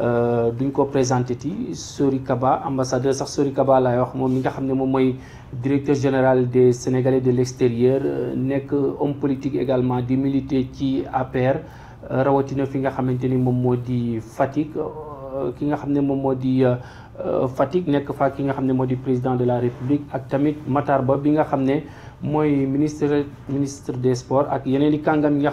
Euh, duñ ko présenté ti Sori Kaba ambassadeur sax Kaba wax mi directeur général des Sénégalais de l'extérieur euh, nek homme politique également di militer ci APR euh, rawatina fi nga ni Modi ki nga président de la République ak tamit matarba, bi nga ministre ministre des sports ak yeneen nga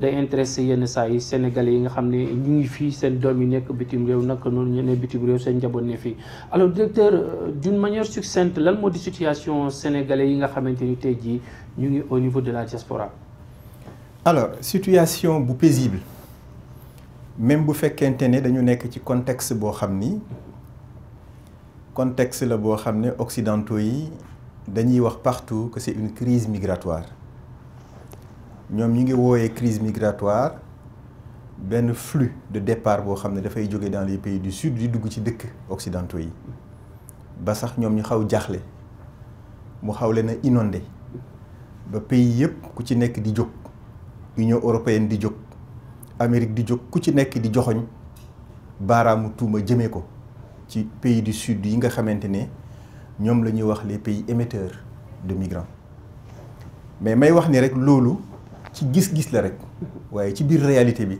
day intéressé yenn saa yi sénégalais yi nga xam ne ñu ngi fii seen doom yi nekk bitim réew naka noonu ñu ne bitim réew seen njaboot ne fii alors directeur euh, d'une manière succincte lan moo di situation sénégalais yi nga xamante ni tey jii ñu ngi au niveau de la diaspora alors situation bu paisible même bu fekkente ne dañu nekk ci contexte boo xam ni contexte la boo xam ne occidentaux yi dañuy wax partout que c'est une crise migratoire ñom ñi ngi woyé crise migratoire benn flux de départ bo xamné da fay joggé dans les pays du sud di dugg ci dëkk occidentaux yi ba sax ñom ñu xaw jaxlé mu xaw leen inondé ba pays yépp ku ci nekk di jog Union européenne di jog Amérique di jog ku ci nekk di joxogn baramu tuuma jëmé ko ci pays du sud yi nga xamante ñom lañuy wax les pays émetteurs de migrants mais may wax ni rek lolu ci gis-gis la rek waaye ci biir réalité bi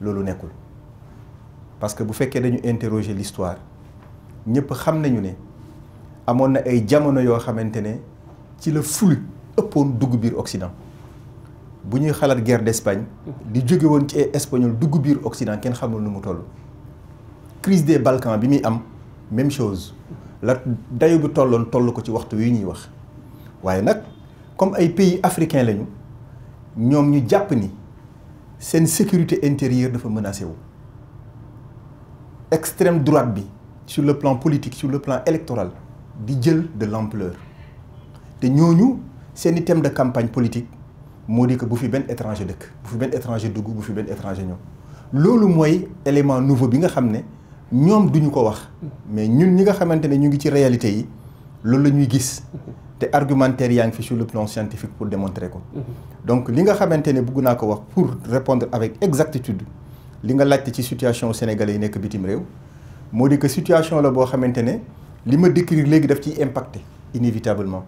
loolu nekkul parce que bu fekkee dañu interroger l'histoire ñëpp xam nañu ne amoon na ay jamono yoo xamante ne ci la flux ëppoon dugg biir Occident bu ñuy xalaat guerre d'Espagne di jóge woon ci ay espagnol dugg biir Occident kenn xamul nu mu toll crise des Balkans bi muy am même chose la dayu bi tolloon toll ko ci waxtu wi ñuy wax waaye nag comme ay pays africains lañu ñom ñu japp ni sen sécurité intérieure dafa menacé wu extrême droite bi sur le plan politique sur le plan électoral di jël de l'ampleur té ñoñu seeni thème de campagne politique modi que bu fi ben étranger dëkk bu fi ben étranger dugg bu fi ben étranger ñëw lolu moy élément nouveau bi nga xamné ñom duñu ko wax mais ñun ñi nga xamanté ñu ngi ci réalité yi lolu lañuy gis te argumentaire yaa fi sur le plan scientifique pour démontrer ko donc li nga xamante ne ko wax pour répondre avec exactitude li nga laajte ci situation sénégalais yi nekk bitim réew moo que situation la boo xamante ne li ma décrire léegi daf ciy impacté inévitablement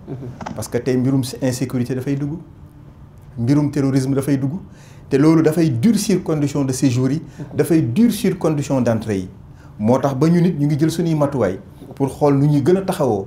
parce que tey mbirum insécurité dafay dugg mbirum terrorisme dafay dugg te loolu dafay durcir conditions de séjour yi dafay durcir conditions d'entrée. entrée yi moo tax ba ñu nit ñu ngi jël suñuy matuwaay pour xool nu ñuy gën a taxawoo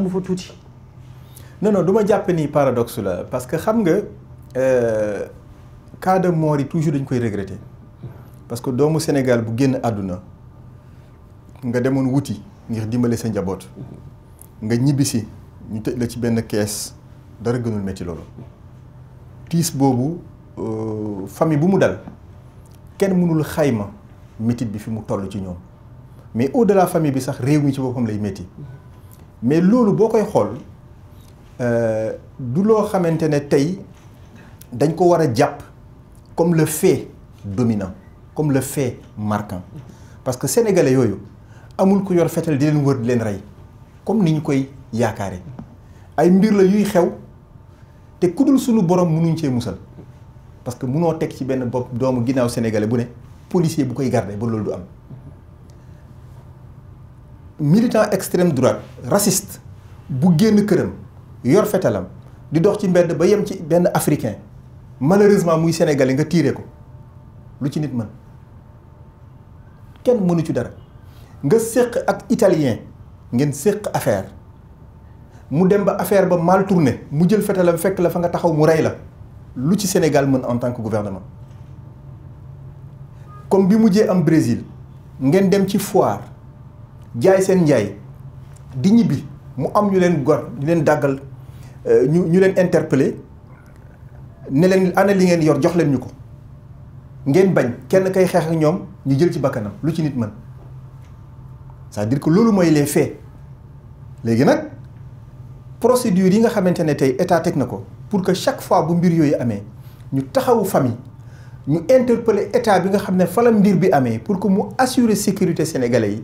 amu fa tuuti. non non du ma jàpp ni paradoxe la parce que xam nga euh, cas de mort yi toujours dañ koy regretter parce que doomu Sénégal bu génn àdduna nga demoon wuti ngir dimbale sa njaboot nga ñibbisi ñu tëj la ci benn kees dara gënul métti loolu tiis boobu euh, famille bu mu dal kenn mënul xayma métit bi fi mu toll ci ñoom mais au-delà famille bi sax réew mi ci boppam lay métti. mais loolu boo koy xool euh, du loo xamante ne tey dañ ko war a jàpp comme le fait dominant comme le fait marquant parce que sénégalais yooyu amul ku yor fetal di leen wër di leen rey comme ni ñu koy yaakaare ay mbir la yuy xew te ku dul suñu borom mënuñ cee musal parce que munoo teg ci benn bopp doomu ginnaaw sénégalais bu ne policier bu koy garder ba loolu du am militant extrême droite raciste bu génn këram yor fétalam, di dox ci mbedd ba yem ci ben africain malheureusement muy sénégalais nga tiré ko lu ci nit man kenn mënu ci dara nga séq ak italien ngeen séq affaire mu dem ba affaire ba mal tourné mu jël fétalam fekk la fa nga taxaw mu ray la lu ci Sénégal mën en tant que gouvernement comme bi mujjee am Brésil ngeen dem ci foire jaay seen njaay di ñibbi mu am ñu leen gor ñu leen dàggal euh, ñu ñu leen interpellé ne leen ana li ngeen yor jox leen ñu ko ngeen bañ kenn kay xeex ak ñoom ñu jël ci bakkanam lu ci nit man sax à dire que loolu mooy les faits léegi nag procédure yi nga xamante ne tey état teg na ko pour que chaque fois bu mbir yooyu amee ñu taxawu famille ñu interpeller état bi nga xam ne falam mbir bi amee pour que mu assurer sécurité sénégalais yi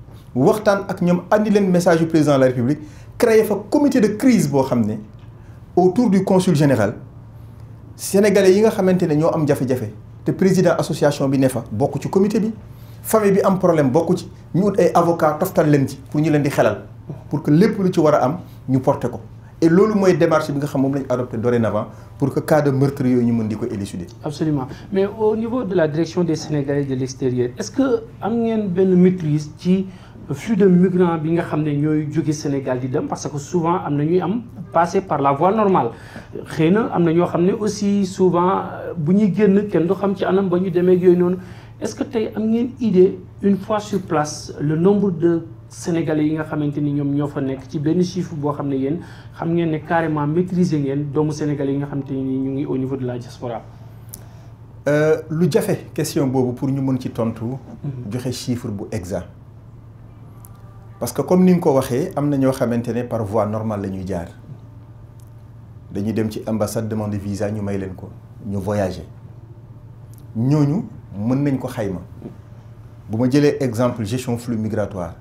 waxtaan ak ñoom andi leen message du président de la république créé fa comité de crise bo xamné autour du consul général sénégalais yi nga xamante ñoo am jafé jafé te président association bi nefa bokku ci comité bi famille bi am problème bokku ci ñu ay avocat toftal leen ci pour ñu leen di xelal pour que les lu ci wara am ñu porter ko et lolu moy démarche bi nga xam mom adopté dorénavant pour que cas de meurtre yoy ñu mën élucider. absolument mais au niveau de la direction des sénégalais de l'extérieur est-ce que am ngeen ben maîtrise ci flux de migrants bi nga xam ne ñooy jóge Sénégal di dem parce que souvent am ñuy am passé par la voie normale xëy na am ñoo xam aussi souvent euh, bu ñuy génn kenn du xam ci anam bañu démé demee yooyu noonu est-ce que tay am ngeen idée une fois sur place le nombre de Sénégalais yi nga xamante ni ñoom ñoo fa ci ben chiffre bo xamné yeen xam ngeen né carrément maîtriser ngeen doomu Sénégalais yi nga xamante ni ñu ngi au niveau de la diaspora euh lu jafé question bobu pour ñu mën ci tontu. Mm-hmm. joxé chiffre bu exact parce que comme nous nga ko nous avons na ñoo par voie normale Nous allons jaar dañuy dem ci ambassade demande visa ñu may nous ko ñu voyager ñooñu mën nañ ko xayma bu ma jëlee exemple gestion flux migratoire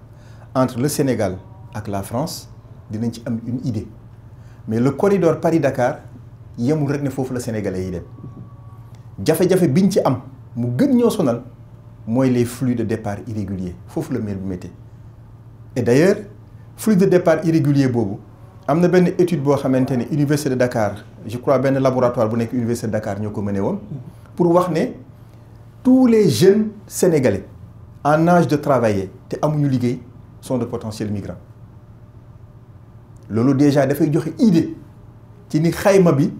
entre le Sénégal et la France nous ci une idée mais le corridor Paris-Dakar il rek ne foofu le Sénégalais yi dem a jafe biñ ci am mu gën ñoo sonal les flux de départ irréguliers foofu le mel bu et d'ailleurs flux de départ irrégulier Il y a une étude à l'université université de Dakar je crois un laboratoire de l'université. université de Dakar pour voir que... tous les jeunes sénégalais en âge de travailler sont de potentiels migrants Lolo déjà une idée ci ni xayma bi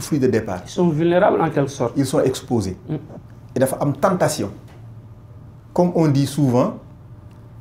flux de départ. ils sont vulnérables en quelque sorte. ils sont exposés. Mm. et dafa am tentation comme on dit souvent.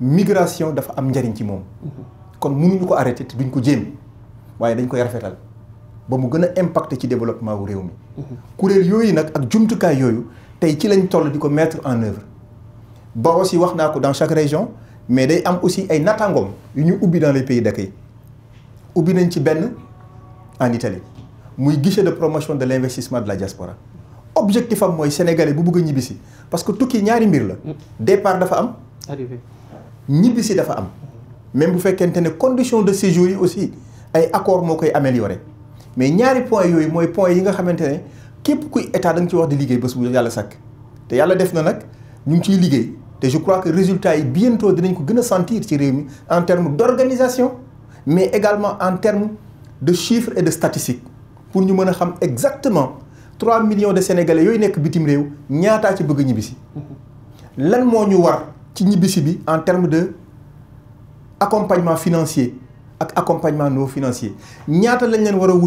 migration dafa am njariñ ci mom kon mënuñu ko arrêté té duñ ko jëm waaye dañ koy rafétal ba mu gëna impacté ci développement wu réew mi kuréel yooyu nag ak jumtukaay yoy tay ci lañ toll diko mettre en œuvre ba aussi wax n'a ko dans chaque région mais day am aussi ay natangom yu ñu ubbi dans les pays d'accueil ubbi nañ ci ben en Italie muy guichet de promotion de l'investissement de la diaspora objectif am moy sénégalais bu bëgg ñibisi parce que tukki ñaari mbir la mm. départ dafa am arrivé ñibbisi dafa am même bu fekkente des conditions de séjour yi aussi ay accords sont améliorés. mais ñaari point yooyu mooy point yi nga xamante ne képp kuy état da nga ci wax di liggéey bés bu yàlla sakk te yàlla def na nag je crois que résultat yi bientôt dinañ ko sentir en termes d'organisation mais également en termes de chiffres et de statistiques pour ñu mën xam exactement 3 millions de sénégalais yooyu nekk bitim réew ñaataa ci bëgg ñibbisi lan moo ñu war ci ñibbisi bi en terme de accompagnement financier ak accompagnement non financier ñaata lañ leen war a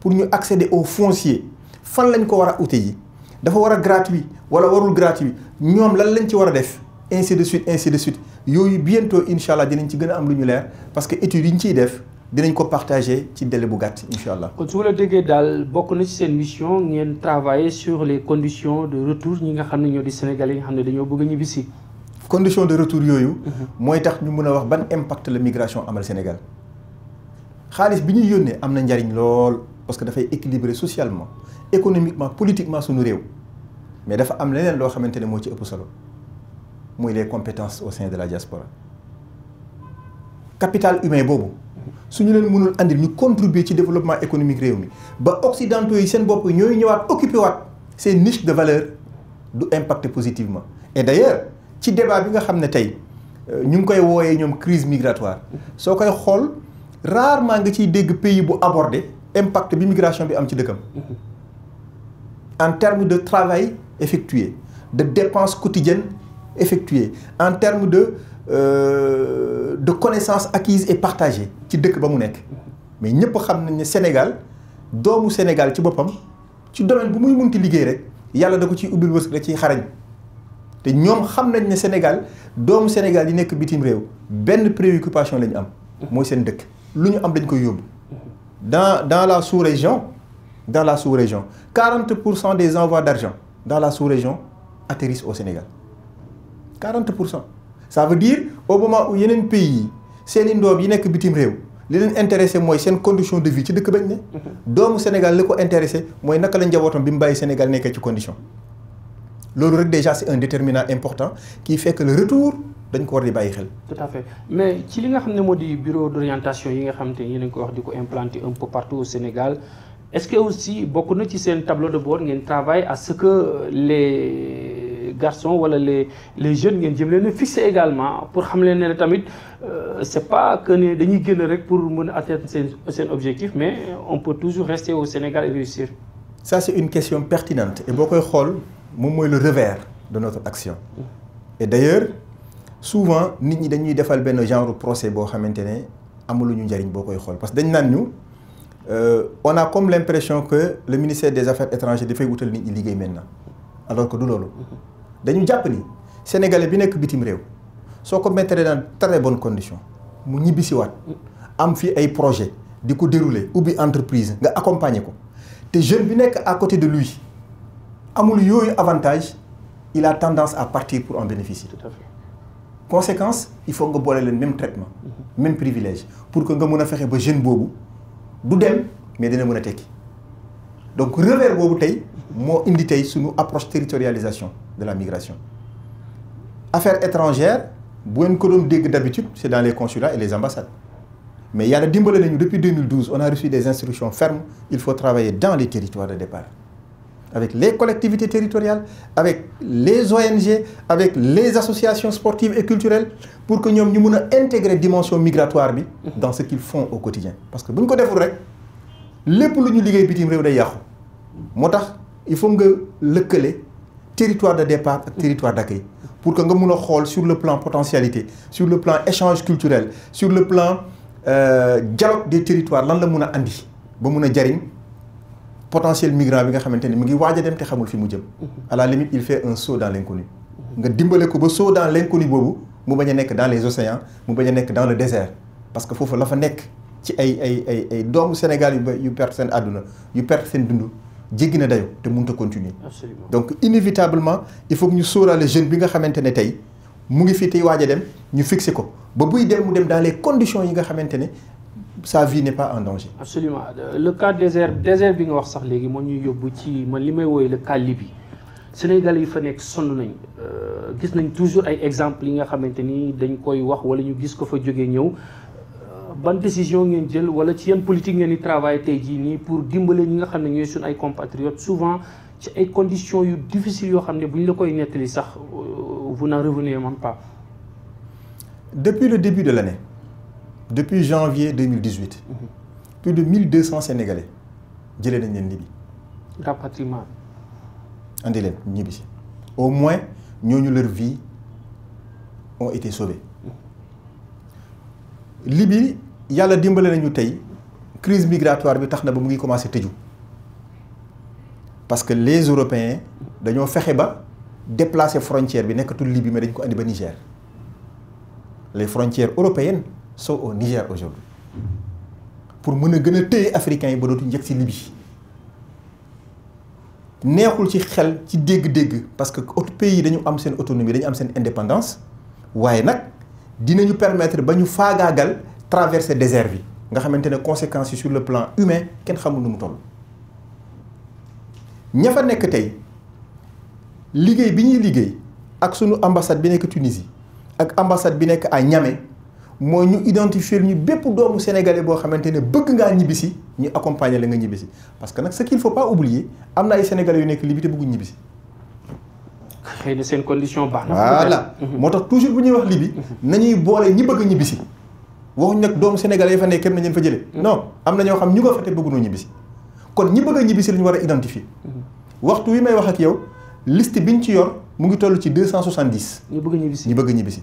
pour ñu accéder au foncier fan lañ ko war a yi dafa war gratuit wala warul gratuit ñoom lan lañ ci war def ainsi de suite ainsi de suite yooyu bientôt inshallah, allah dinañ ci gën a am lu ñu leer parce que études yi ñu ciy def dinañ ko partager ci délai bu gàtt incha allah. kon su ma la déggee daal bokk ci seen mission ngeen travailler sur les conditions de retour ñi nga xam ñoo di Sénégalais yi nga xam ne dañoo bëgg a condition de retour yoyu moy mhm. tax ñu mëna a wax ban impact la migration amal Sénégal xaalis biñu yonne amna ndariñ lool parce que fay équilibrer socialement économiquement politiquement suñu réew mais dafa am leneen lo xamantene mo ci ëpp solo les compétences au sein de la diaspora capital humain bobu suñu ñu leen mënul andir ñu contribuer ci développement économique réew mi ba occidentaux yi seen bop ñoy ñëwaat occuper waat ces niche de valeur du positivement et d'ailleurs, ci débat bi nga xam ne tey euh, ñu ngi koy wooyee ñoom crise migratoire soo koy xool rarement nga ciy dégg pays bu abordé impact bi migration bi am ci dëkkam en termes de travail effectué de dépenses quotidiennes effectuées en termes de euh, de connaissances acquises et partagées ci dëkk ba mu nekk mais ñëpp xam nañ ne Sénégal doomu Sénégal ci boppam ci domaine bu muy munti liggéey rek yàlla da ko ciy ubbil wërsëg da ciy xarañ te ñoom xam nañ ne Sénégal doomu Sénégal yi nekk victime réew benn préoccupation la ñu am mooy seen dëkk lu am dañ koy dans dans la sous-région dans la sous-région 40 des envois d'argent dans la sous-région atterrissent au Sénégal 40 ça veut dire au moment où un pays yi seeni ndoom yi nekk bitim réew li leen intéressé mooy seen condition de vie ci dëkk bañ mhm. Sénégal li ko intéressé c'est naka la njabootam bi mu Sénégal nekkee ci condition loolu rek déjà c'est un déterminant important qui fait que le retour dañ ko war di tout à fait mais ci li nga xamné modi bureau d'orientation yi nga xamné te un peu partout au Sénégal est-ce que aussi bokku na ci un tableau de bord ngeen travaille à ce que les garçons ou les les jeunes ngeen jëm leen également pour xam leen que tamit euh, c'est pas que né dañuy pour atteindre sen objectif mais on peut toujours rester au Sénégal et réussir. ça c'est une question pertinente et boo xol moom le revers de notre action et d'ailleurs souvent nit ñi dañuy defal benn genre procès boo xamante ne amuluñu njariñ boo koy xool parce que dañ naan ñu euh, on a comme l'impression que le ministère des affaires étrangères dafay wutal nit ñi liggéey maintenant alors que du loolu dañu jàpp ni sénégalais bi nekk bitim réew soo ko mettre dans très bonnes conditions mu ñibbisiwaat am fi ay projet di ko ou ubbi entreprise nga accompagner ko te jeune bi nekk à côté de lui avantage il a tendance à partir pour en bénéficier. Tout à fait. conséquence il faut nga boole le même traitement. Mhm. même privilège pour que nga mën fexé ba jeune bobu du dem mais dina mën a donc revers de tay indi approche territorialisation de la migration. affaires étrangères bu ko d'habitude c'est dans les consulats et les ambassades mais depuis 2012 on a reçu des instructions fermes il faut travailler dans les territoires de départ avec les collectivités territoriales, avec les ONG, avec les associations sportives et culturelles, pour que nous puissions intégrer la dimension migratoire dans ce qu'ils font au quotidien. Parce que si nous le faisons, les lu ñu nous bitim réew day yàqu moo il faut le le territoire de départ territoire d'accueil pour que nous puissions sur le plan potentialité sur le plan échange culturel sur le plan euh, dialogue des territoires lan la a andi ba nous potentiel migrant bi nga xamante ni mu ngi waaj a dem te xamul fi mu jëm mhm. à la limite il fait un saut dans l'inconnu nga dimbale ko ba saut dans l'inconnu boobu mu bañ a nekk dans les océans mu bañ a nekk dans le désert parce que foofu la fa nekk ci ay ay ay ay doomu Sénégal yu ba yu perte seen àdduna yu perte seen dund jéggi dayo te mënut a continuer donc inévitablement il faut que ñu sóoraale jeune bi nga xamante ne tey mu ngi fii tey waaj dem ñu fixer ko ba buy dem mu dem dans les conditions yi nga xamante sa vie n'est pas en danger. absolument le cas désert désert bi nga wax sax léegi moo ñuy yóbbu ci man li may le cas Libye Sénégal yi fa nekk sonn nañ euh, gis nañ toujours ay exemples yi nga xamante ni dañ koy wax wala ñu gis ko fa jógee ñëw euh, ban décision ngeen jël wala ci yeen politique ngeen di travailler tay ji ni pour dimbale ñi nga xam ñoy ñooy ay compatriotes souvent ci ay conditions yu difficiles yo xamné buñ la koy netti sax euh, vous n'en revenez même pas. depuis le début de l'année depuis janvier 2018 mhm. plus de 1200 sénégalais Ont nañ en Libye. rapatriement. En au moins eu leur vie ont été sauvées mhm. Libye yàlla dimbale nañu La crise migratoire bi tax la ba mu commencé parce que les Européens ont fexe ba déplacer frontière bi Libye mais dañ ko Niger les frontières européennes sont au Niger aujourd'hui pour mën a gën a téye africains yi ba dootu njëkk si Libye neexul ci xel ci dégg-dégg parce que autres pays yi dañu am seen autonomie dañu am seen indépendance waaye nag dinañu permettre ba ñu faagaagal traverser désert bi nga xamante conséquences sur le plan humain kenn xamul nu mu toll ña fa nekk liguey liggéey liguey ñuy liggéey ak sunu ambassade bi nekk Tunisie ak ambassade bi nekk à Niamey mooy ñu identifier ñu bép doomu sénégalais bo xamantene bëgg nga ñibisi ñu accompagner la nga ñibisi parce que nak ce qu'il faut pas oublier amna ay sénégalais yu nekk Libye te ñibisi xeyna xëy seen condition baax na. voilà mhm. motax toujours bu ñuy wax Libye mhm. nañuy bolé ñi bëgg ñibisi waxu nak doomu sénégalais yi fa nekk nañu fa jëlé mhm. non amna ño xam ñu ko fa te bëgguñoo ñibbisi kon ñi bëgg ñibisi ñibbisi lañu wara identifier waxtu wi may wax ak yow liste biñ ci yor mu ngi tollu ci 270 ñi bëgg ñibisi ñi bëgg ñibisi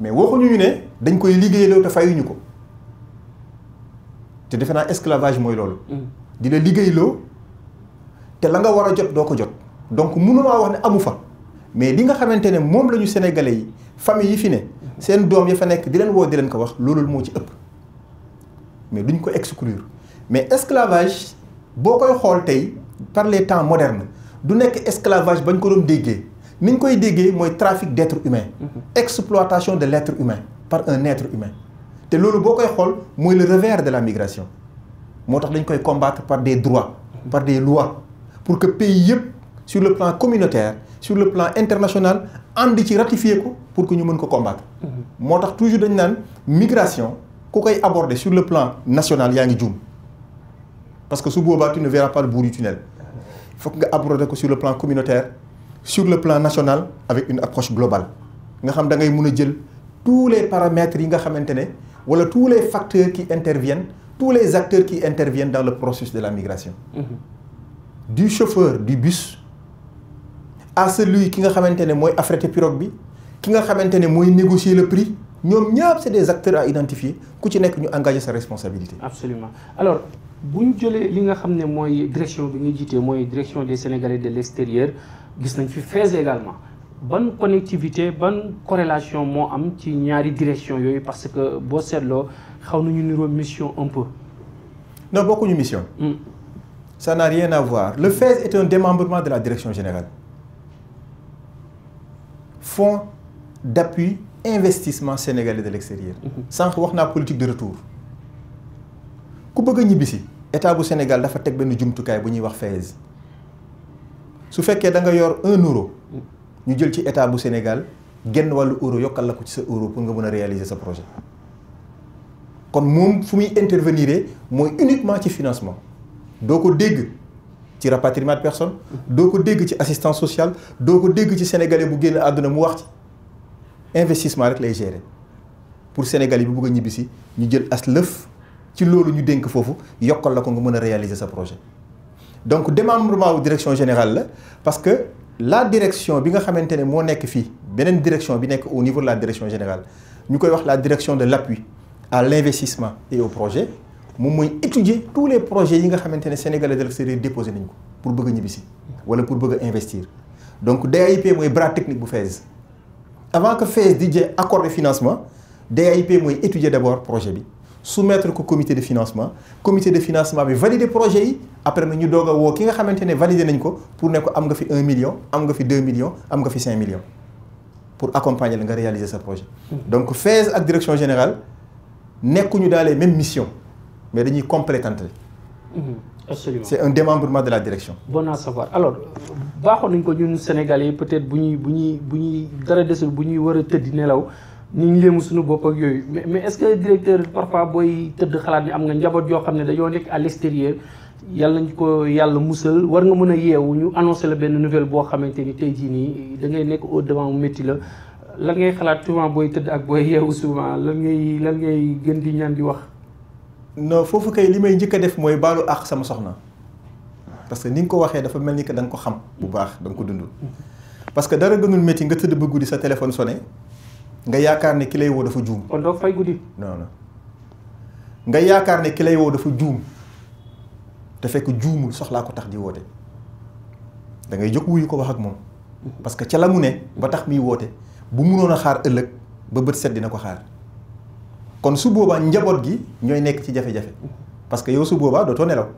mais waxuñu ñu ne dañ koy liggéeyloo te fayuñu ko te defe naa esclavage mooy loolu. Mm. di la liggéeyloo te la nga war a jot doo ko jot. donc mënumaa wax ne amu fa mais li nga xamante ne moom la ñu sénégalais yi famille yi fi ne seen doom ya fa nekk di leen woo di leen ko wax loolu moo ci ëpp mais duñ ko exclure mais esclavage boo koy xool tey par les temps modernes du nekk esclavage bañ ko doon déggee. Nous qu'on koy le trafic d'êtres humains. exploitation de l'être humain par un être humain. Et ce qu'on koy c'est le revers de la migration Nous devons combattre par des droits par des lois pour que les pays sur le plan communautaire sur le plan international ratifient pour que nous puissions combattre. Nous devons toujours que la migration ku sur le plan national parce que su tu ne verras pas le bout du tunnel il faut que nga aborder sur le plan communautaire sur le plan national avec une approche globale nga xam da ngay tous les paramètres yi nga tous les facteurs qui interviennent tous les acteurs qui interviennent dans le processus de la migration mhm. du chauffeur du bus à celui qui nga xamante ne mooy affrété pirogue qui ki nga négocier le prix nous avons des acteurs à identifier ku ci engager sa responsabilité absolument alors si ñu jëlee li nga direction bi nga direction des Sénégalais de l'extérieur gis nañ fi Fès également ban connectivité ban corrélation moo am ci ñaari direction yooyu parce que boo seetloo xaw nañu niroo mission un peu. non bokkuñu mission. Hmm. ça n'a rien à voir le FES est un démembrement de la direction générale fonds d'appui investissement sénégalais de l'extérieur. Hmm. sànq wax naa politique de retour ku bëgg a ñibbisi état bu Sénégal dafa teg benn jumtukaay bu ñuy wax FES su fekkee da nga yor un euro ñu jël ci état bu Sénégal genn wàllu euro yokkal la ko ci sa euro pour nga mën réaliser sa projet kon moom fu muy intervenir mooy uniquement ci financement doo ko dégg ci rapatriement de personne doo ko dégg ci assistance sociale doo ko dégg ci sénégalais bu génn àdduna mu wax ci investissement rek lay gérer pour sénégalais bi bugg a ñibbisi ñu jël as lëf ci loolu ñu dénk foofu yokkal la ko nga mën réaliser sa projet donc démembrement la direction générale parce que la direction bi que je ne direction au niveau de la direction générale nous avons la direction de l'appui à l'investissement et au projet Nous étudions étudier tous les projets que nga sénégalais de l'extérieur déposé pour bëgg pour investir donc DAIP le bras technique bu FES. avant que FES ait accord de financement DAIP mooy étudier d'abord projet soumettre au comité de financement le comité de financement validé valider projet après nous avons a valider pour qu'il am million 2 millions 5 millions pour accompagner le nga réaliser ce projet. donc FAISE la direction générale nekkuñu dans les mêmes missions mais dañuy complétante. Mm-hmm. absolument c'est un démembrement de la direction. bon à savoir alors si on ko Sénégalais peut-être que nous bu ñuy des dara ñu ngi léemu suñu bopp ak yooyu mais mais est que directeur parfois booy tëdd xalaat ni am nga njaboot yoo xam ne dañoo nekk à yàlla nañ ko yàlla musal war nga mën a yeewu ñu annoncé la benn nouvelle boo xamante ni tey jii nii da ngay nekk au devant métti la lan ngay xalaat souvent booy tëdd ak booy yeewu souvent lan ngay lan ngay gën di ñaan di wax. non foofu kay li may njëkk def mooy baalu àq sama soxna parce que ni nga ko waxee dafa mel ni que da ko xam bu baax ko dund. Mm-hmm. parce que dara gënul métti nga tëdd ba guddi sa téléphone sonné. nga yaakaar ne ki lay woo dafa juum. kon doo fay guddi. non non nga yaakaar ne ki lay dafa juum te fekk juumul soxlaa ko tax di woote da ngay jóg wuyu ko wax ak moom. parce que ca la mu ne. ba tax muy woote bu munoon a xaar ëllëg ba bët set dina ko xaar kon su boobaa njaboot gi ñooy nekk ci jafe-jafe parce que yow su boobaa dootoo nelaw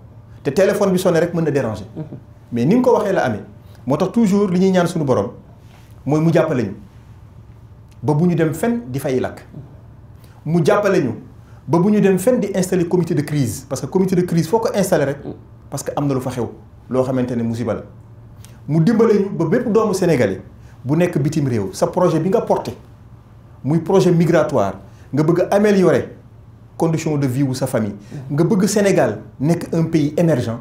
te téléphone bi sone rek mën na déranger. Mhm. mais ni nga ko waxee la amee moo tax toujours li ñuy ñaan suñu borom mooy mu jàppale ñu. ba buñu dem fenn di fay lak mu jàppale ñu ba buñu dem fenn di installer comité de crise parce que comité de crise foko installer rek parce que amna lu fa xew lo xamante ne musiba la mu dimbale ñu ba bép doomu sénégalais bu nek bitim réew sa projet bi nga porté muy projet migratoire nga bëgg améliorer condition de vie wu sa famille nga bëgg Sénégal nek un pays émergent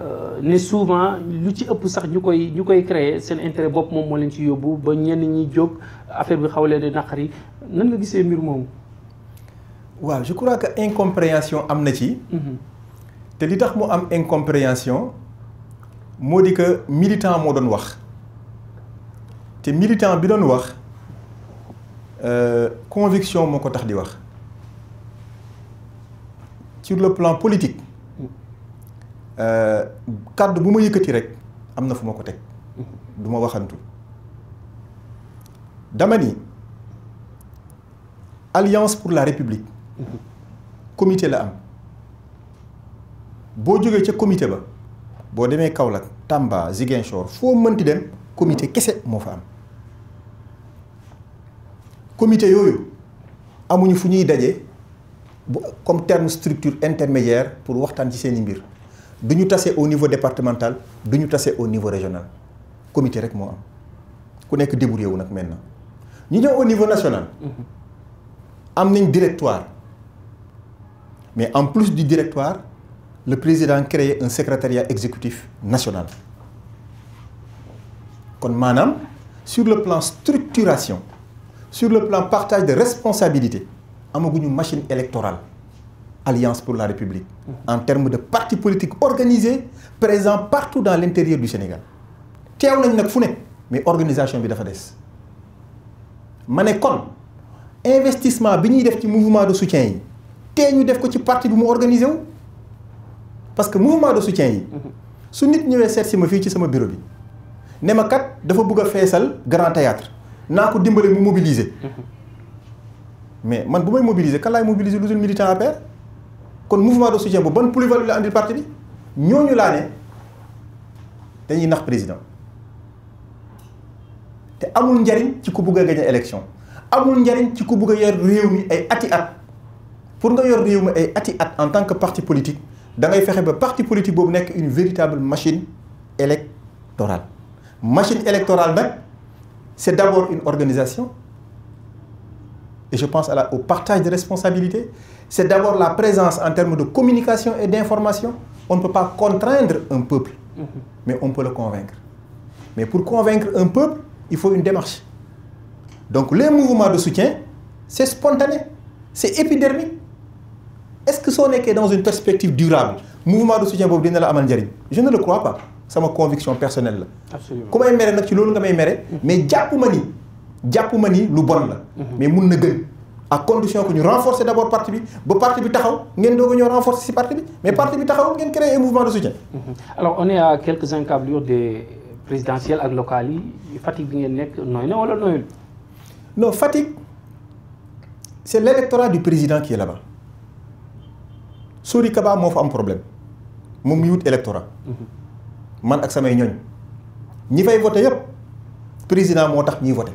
Euh, ne souvent lu ci ëpp sax ñu koy créer seen intérêt bop mom mo leen ci yobbu ba ñen ñi jog affaire bi xaw leen nakari nan nga gisee mbir mom waaw je crois que incompréhension am na ci. Mhm. te li tax mu am incompréhension moo di que militant moo doon wax te militant bi doon wax euh, conviction moo ko tax di wax sur le plan politique. Le euh, cadre ma yëkëti rek am fu ma ko teg mhm. dama alliance pour la république mhm. comité la am boo jógee ca comité ba boo demee Kaolack Tamba Ziguinchor foo mënti dem comité mhm. kese moo fa am comité yooyu amuñu fu ñuy comme terme structure intermédiaire pour waxtaan ci mbir nous tassé au niveau départemental nous tassé au niveau régional comité rek moi am ku au niveau national. Mhm. avons un directoire mais en plus du directoire le président crée un secrétariat exécutif national kon sur le plan structuration sur le plan partage de responsabilité une machine électorale. Alliance pour la République, en termes de partis politiques organisés, présents partout dans l'intérieur du Sénégal. teew nañ nag fu mais organisation bi dafa Je suis kon investissement bi def ci mouvement de soutien yi tee ñu def ko ci parti bi organisé parce que mouvement de soutien yi su nit ñëwé seet si ma fi ci sama bureau bi ne ma kat dafa bëgg grand théâtre naa ko dimbale mobiliser mais man bu may mobiliser kan mobilisé mobiliser lu dul militant père le mouvement de soutien bu ban plus-value la andil parti bi ñooñu laa ne dañuy nax président te amul njariñ ci ku bugg a gagné élection amul njariñ ci ku bugg a yor ay ati at pour nga yor réew ay en tant que parti politique da ngay fexe ba parti politique boobu une véritable machine électorale machine électorale c'est d'abord une organisation et je pense à au partage de responsabilités, c'est d'abord la présence en termes de communication et d'information. On ne peut pas contraindre un peuple, mhm. mais on peut le convaincre. Mais pour convaincre un peuple, il faut une démarche. Donc les mouvements de soutien, c'est spontané, c'est épidermique. Est-ce que ça est dans une perspective durable Mouvement de soutien, je ne le crois pas. C'est ma conviction personnelle. Absolument. Comment ce que mais jàpp ni lu bon la. Mhm. mais pas na gën à condition que ñu renforcer d'abord parti bi ba parti bi taxaw ngeen doog renforcer ce parti bi mais parti bi taxaw ngeen créer un mouvement de soutien. Mhm. alors on est à quelques encablures des présidentielles ak locales yi fatigue bi ngeen nek noy na wala noyul non fatigue c'est l'électorat du président qui est là-bas Sori Kaba moo fa am problème moom mi wut électorat. Mhm. man ak samay ñooñ ñi fay voter Le président moo tax ñuy voter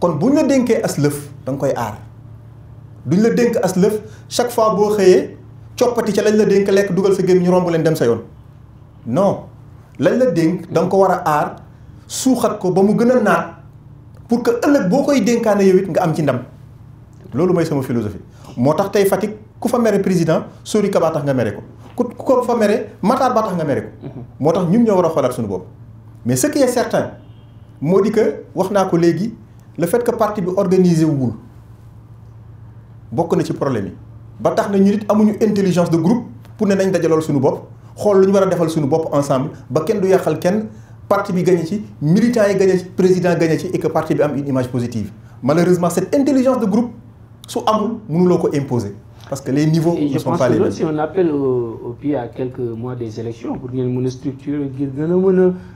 kon bu ñu la dénkee as lëf da nga koy aar duñ la dénk as lëf chaque fois boo xëyee coppati ca lañ la dénk lekk dugal sa gémmiñ ñu romb leen dem sa yoon non lañ la dénk da nga ko war a aar suuxat ko ba mu gën a naat pour que ëllëg boo koy dénkaane yow it nga am ci ndam loolu mooy sama philosophie moo tax tey Fatick ku fa mere président Sori Kaba tax nga mere ko ku ko fa mere Matar Ba tax nga mere ko. Mhm. moo tax ñun ñoo war a xoolaat suñu boobu mais ce qui est moo di que wax naa ko léegi. le fait que le parti organisé wul bokk na ci problème yi ba tax na ñu nit intelligence de groupe pour nous. nañ dajalool suñu bopp xool lu ñu a suñu ensemble ba kenn du yàqal kenn parti bi gagné ci militants yi gagné président gagné ci et que parti bi une image positive malheureusement cette intelligence de groupe su amul mënuloo ko imposer parce que les niveaux ne sont pas les mêmes. si on appelle au, pied à quelques mois des élections pour ngeen mën structurer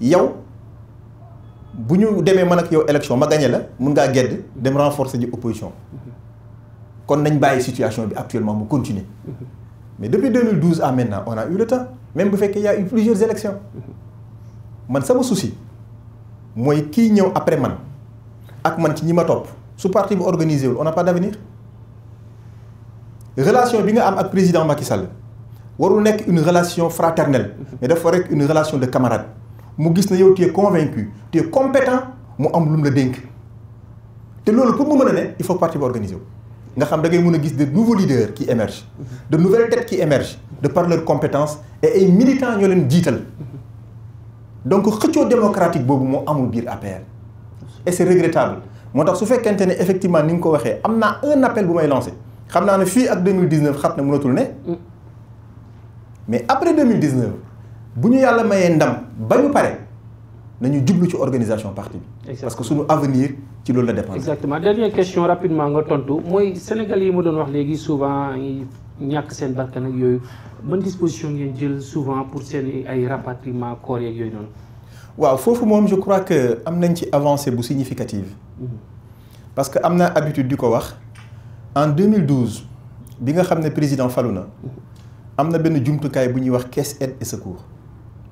yow buñu démé man ak yow élection ma gagné la mën nga gedd dem renforcer di opposition kon nañ bàyyi situation bi actuellement mu continuer mais depuis 2012 à maintenant on a eu le temps même bu fekkee y a eu plusieurs élections man sama souci mooy kii ñëw après man ak man ci ñi ma topp su parti bu organisé on n'a pas d'avenir relation bi nga am ak président Macky Sall warul nekk une relation fraternelle mais dafa rek une relation de camarade mu gis ne yow tu es convaincu tu es compétent mu am lu mu la dénk te loolu pour que mën a ne il faut partir pour organiser wu nga xam da ngay a gis de nouveaux leaders qui émergent de nouvelles têtes qui émergent de par leurs compétences et des militants ñoo leen jiital donc xëccoo démocratique boobu moo amul biir et c'est regrettable moo tax su fekkente ne effectivement ni nga ko waxee am naa un appel bu may lancé xam naa ne fii ak 2019 xat na mënatul ne mm. mais après 2019 bu ñu yàlla mayee ndam ba ñu pare nañu jublu ci organisation parti bi. parce que suñu avenir ci loolu la dépend. exactement dernière question rapidement nga tontu mooy Sénégal yi ma doon wax léegi souvent ñàkk seen barkan ak yooyu ban disposition ngeen jël souvent pour seen ay rapatriement corps yeeg yooyu noonu. waaw foofu moom je crois que am nañ ci avancée bu significative. Mhm. parce que am habitude di ko wax en 2012 bi nga xam ne président falu na mhm. am na benn jumtukaay bu ñuy wax caisse aide et secours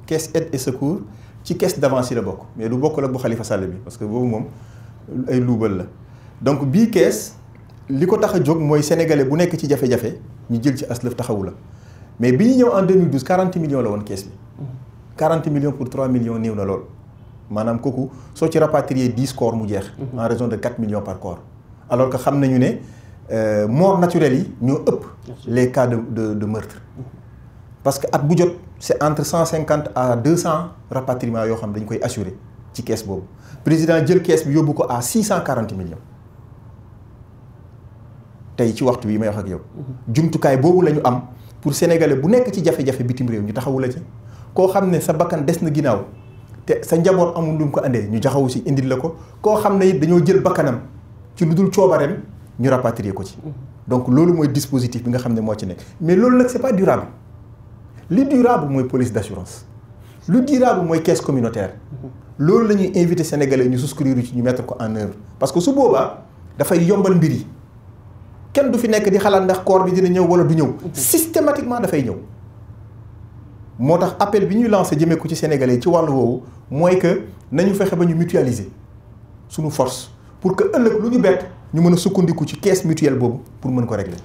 caisse aide et secours ci caisse d'avancée. mais c'est bokk la bu Khalifa Sall parce que ce mom ay loubal la donc caisse liko que jog moy sénégalais bu nek ci jafé jafé ñu jël ci aslef taxawu mais bi ñu en 2012 40 millions la won caisse bi 40 mhm. millions pour 3 millions néew na lool manam koku so ci rapatrier 10 corps mhm. en raison de 4 millions par corps. alors que xam nañu que euh, morts naturelles yi ñoo les cas de de meurtre. Mhm. Parce que c'est entre 150 à 200 rapatriements qui sont assurés dans la caisse. Le président a pris la caisse à 640 millions. C'est ce que je dis à toi. Il y a un peu de temps pour les Sénégalais qui sont dans les bitimes. Si tu sais que ton bâton est pas en train et que ton bâton n'a rien à faire, ils l'ont aussi indiqué. Si tu sais qu'ils ont pris le bâton dans ce qu'il n'y a pas, ils l'ont rapatrié. Donc c'est ce que tu sais. Mais ce n'est pas durable. Le durable mooy police d'assurance Le durable mooy caisse communautaire loolu la ñuy invité sénégalais ñu souscrire ci ñu mettre ko en œuvre parce que su boobaa dafay yombal mbir yi kenn du fi nekk di xalaat ndax corps bi dina ñëw wala du ñëw systématiquement dafay ñëw moo tax appel bi ñuy lancé jëmee ko ci sénégalais ci wàllu woowu mooy que nañu fexe ba ñu mutualiser suñu force pour que ëllëg lu ñu bett ñu mën a sukkandiku ci caisse mutuelle boobu pour mën ko régler.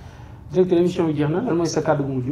directeur émission bi jeex na lan mooy sa kàddu gu mujj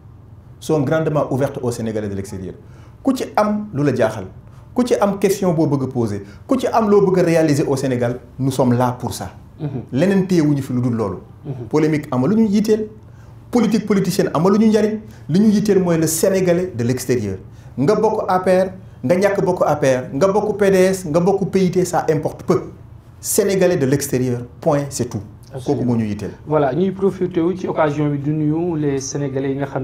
sont grandement ouvertes aux Sénégalais de l'extérieur Si am des questions, am question poser réaliser au Sénégal nous sommes là pour ça Ce mhm. téyewuñu fi lu dul mhm. polémique ama lu ñu politique politicienne politique, le Sénégalais de l'extérieur nga bokk APR nga ñàkk bokk APR nga bokk PDS nga bokk PIT ça importe peu Sénégalais de l'extérieur point c'est tout voilà nous profitons aussi ci occasion bi les sénégalais nous nga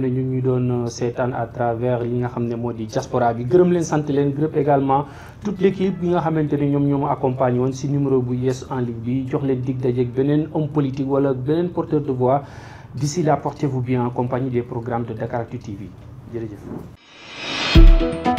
nous euh, année à travers les nga xam diaspora bi gërëm leen également toute l'équipe nous bi nga si numéro bu en Libye. bi jox leen homme politique wala beneen porteur de voix d'ici là portez-vous bien en compagnie des programmes de Dakaractu TV jërëjëf